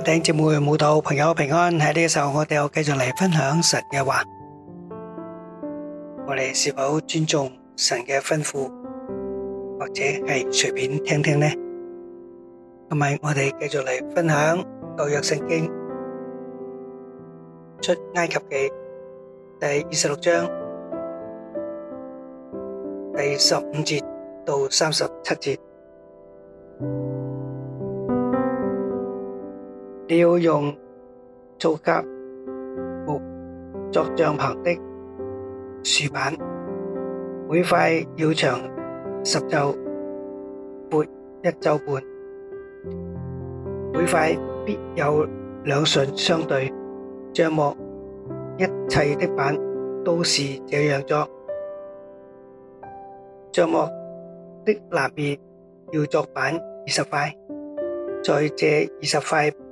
頂節目冇到朋友平安喺呢個時候，我哋又繼續嚟分享神嘅話。我哋是否尊重神嘅吩咐，或者係隨便聽聽呢？同埋我哋繼續嚟分享舊約聖經出埃及記第二十六章第十五節到三十七節。你要用皂莢木作帳篷的豎板，每塊要長十肘，寬一肘半，每塊必有兩榫相對。帳幕一切的板都是這樣做。帳幕的南面要作板二十塊，在這二十塊。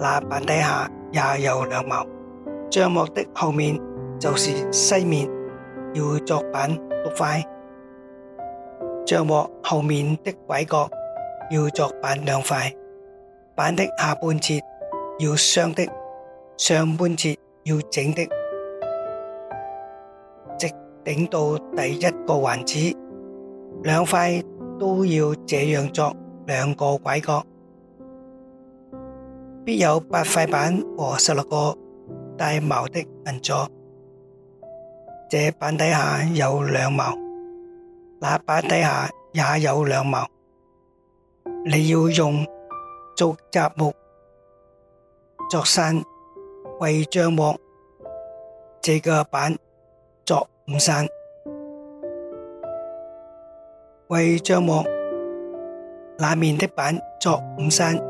那板底下也有兩毛。帳幕的後面就是西面，要作板六塊。帳幕後面的拐角要作板兩塊。板的下半截要雙的，上半截要整的。直頂到第一個環子，兩塊都要這樣作兩個拐角。必有八塊板和十六個帶卯的銀座，這板底下有兩卯，那板底下也有兩卯。你要用竹雜木作山為帳幕，這個板作五山為帳幕，那面的板作五山。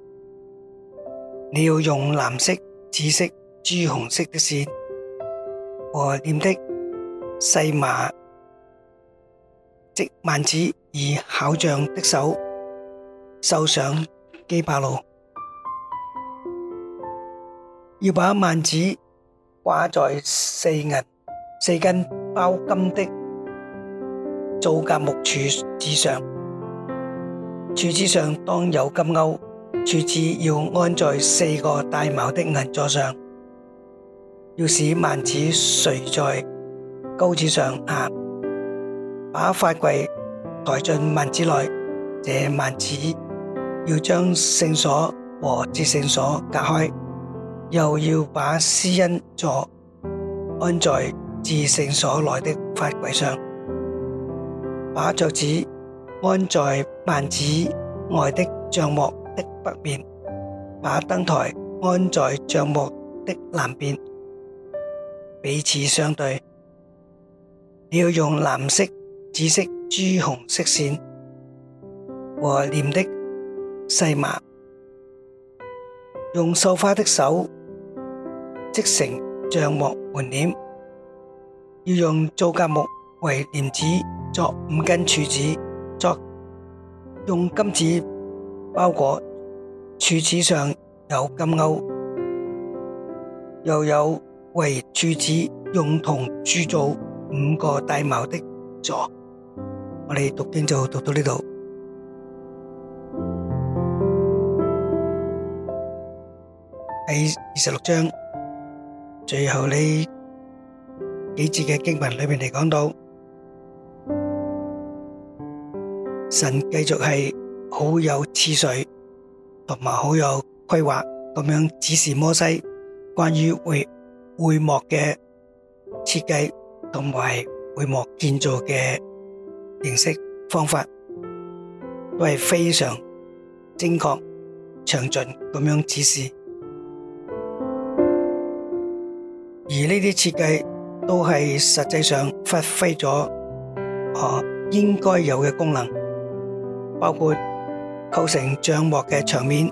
你要用藍色、紫色、朱紅色的線和念的細麻織萬子，以巧匠的手繡上基路伯。要把萬子掛在四銀四根包金的皂莢木柱子上，柱子上當有金鈎。柱子要安在四個帶卯的銀座上，要使萬子垂在鉤子上下。把法櫃抬進萬子內，這萬子要將聖所和至聖所隔開，又要把施恩座安在至聖所內的法櫃上，把桌子安在萬子外的帳幕。北面，把燈檯安在帳幕的南邊，彼此相對。要用藍色、紫色、朱紅色綫和捻的細麻，用繡花的手織成帳幕門簾。要用皂莢木為簾子，作五根柱子，作用金子包裹。柱子上有金鈎，又有為柱子用銅鑄造五個大矛的座。我哋讀經就讀到呢度，第二十六章最後呢幾節嘅經文裏面嚟講到，神繼續係好有次序。同埋好有規劃咁樣指示摩西關於會會幕嘅設計同埋會幕建造嘅形式方法，都係非常精確詳盡咁樣指示。而呢啲設計都係實際上發揮咗啊、呃、應該有嘅功能，包括。構成帳幕嘅牆面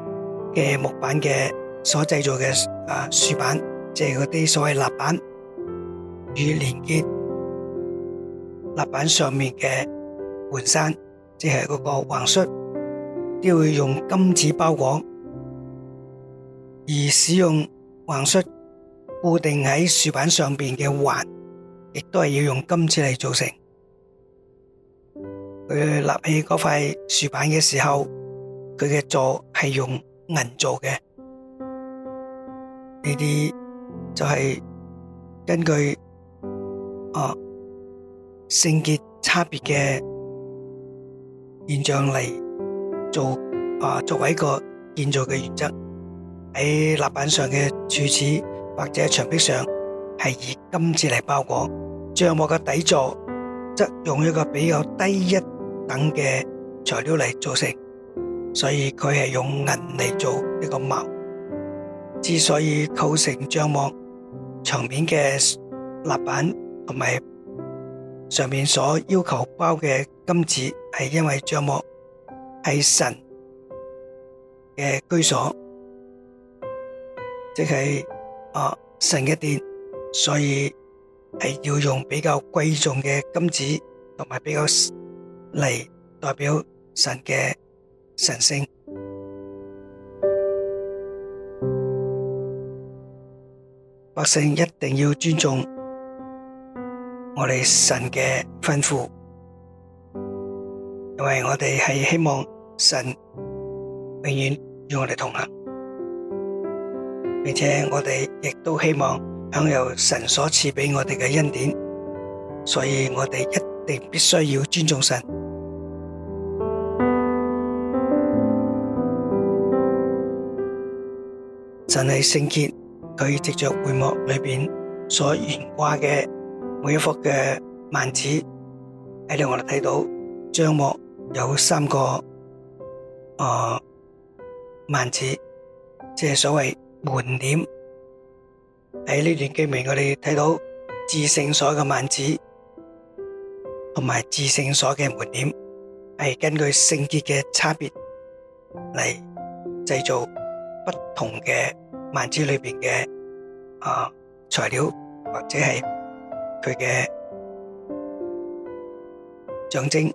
嘅木板嘅所製造嘅啊豎板，即係嗰啲所謂立板，與連接立板上面嘅門閂，即係嗰個橫栓，都會用金紙包裹。而使用橫栓固定喺豎板上面嘅環，亦都係要用金紙嚟做成。佢立起嗰塊豎板嘅時候，佢嘅座係用銀做嘅，呢啲就係根據啊性別差別嘅現象嚟做啊，作為一個建造嘅原則，喺立板上嘅柱子或者牆壁上係以金子嚟包裹，帳幕嘅底座則用一個比較低一等嘅材料嚟做成。所以佢係用銀嚟做一個矛，之所以構成帳幕牆面嘅立板，同埋上面所要求包嘅金子，係因為帳幕係神嘅居所，即係啊神嘅殿，所以係要用比較貴重嘅金子同埋比較嚟代表神嘅。神聖，百姓一定要尊重我哋神嘅吩咐。因為我哋係希望神永遠與我哋同行，並且我哋亦都希望享有神所賜畀我哋嘅恩典。所以我哋一定必須要尊重神。神係聖潔，佢藉着會幕裏邊所懸掛嘅每一幅嘅幔子。喺度我哋睇到帳幕有三個誒幔子，即係所謂門簾。喺呢段經文，我哋睇到至聖所嘅幔子，同埋至聖所嘅門簾，係根據聖潔嘅差別嚟製造不同嘅。幔子裏邊嘅啊材料，或者係佢嘅象徵，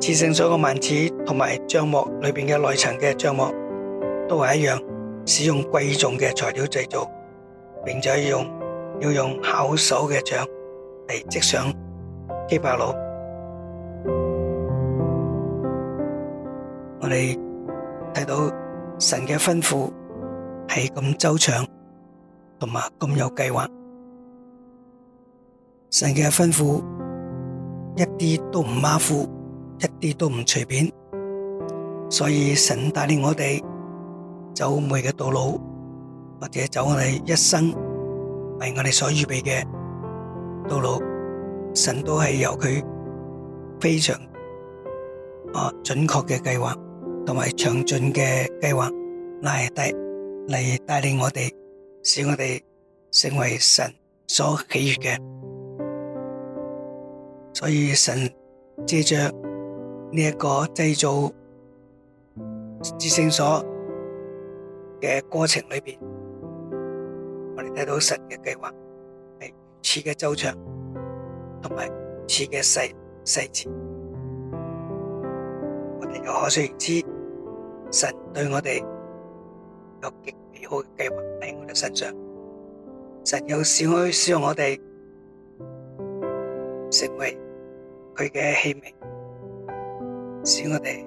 至聖所個幔子同埋帳幕裏邊嘅內層嘅帳幕都係一樣，使用貴重嘅材料製造，並且用要用巧手嘅匠嚟織上基路伯。我哋睇到神嘅吩咐，係咁周詳，同埋咁有計劃，神嘅吩咐一啲都唔馬虎，一啲都唔隨便，所以神帶領我哋走每個道路，或者走我哋一生為我哋所預備嘅道路，神都係由佢非常啊準確嘅計劃，同埋詳盡嘅計劃嚟帶。嚟帶領我哋，使我哋成為神所喜悅嘅。所以神借着呢一個製造至聖所嘅過程裏面，我哋睇到神嘅計劃係如此嘅周詳，同埋如此嘅細細節。我哋又可想而知，神對我哋有極。好嘅計劃喺我哋身上，神要使我去使用我哋成為佢嘅器皿，使我哋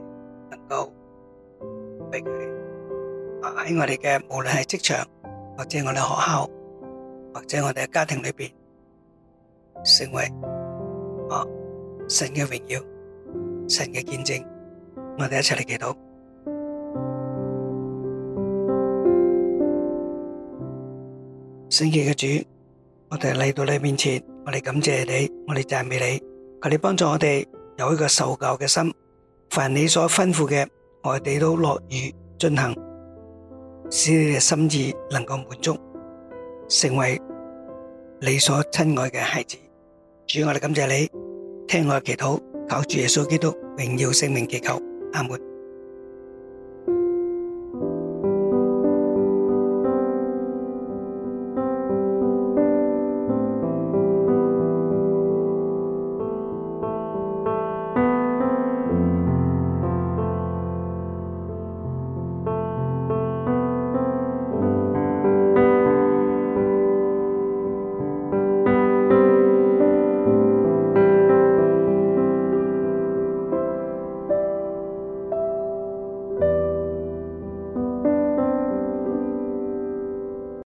能夠俾佢喺我哋嘅無論係職場或者我哋學校或者我哋家庭裏邊成為哦神嘅榮耀、神嘅見證，我哋一齊嚟祈禱。聖潔嘅主，我哋嚟到你面前，我哋感謝你，我哋讚美你。求你幫助我哋有一個受教嘅心，凡你所吩咐嘅，我哋都樂於進行，使你嘅心意能夠滿足，成為你所親愛嘅孩子。主，我哋感謝你，聽我祈禱，靠住耶穌基督榮耀聖名祈求，阿門。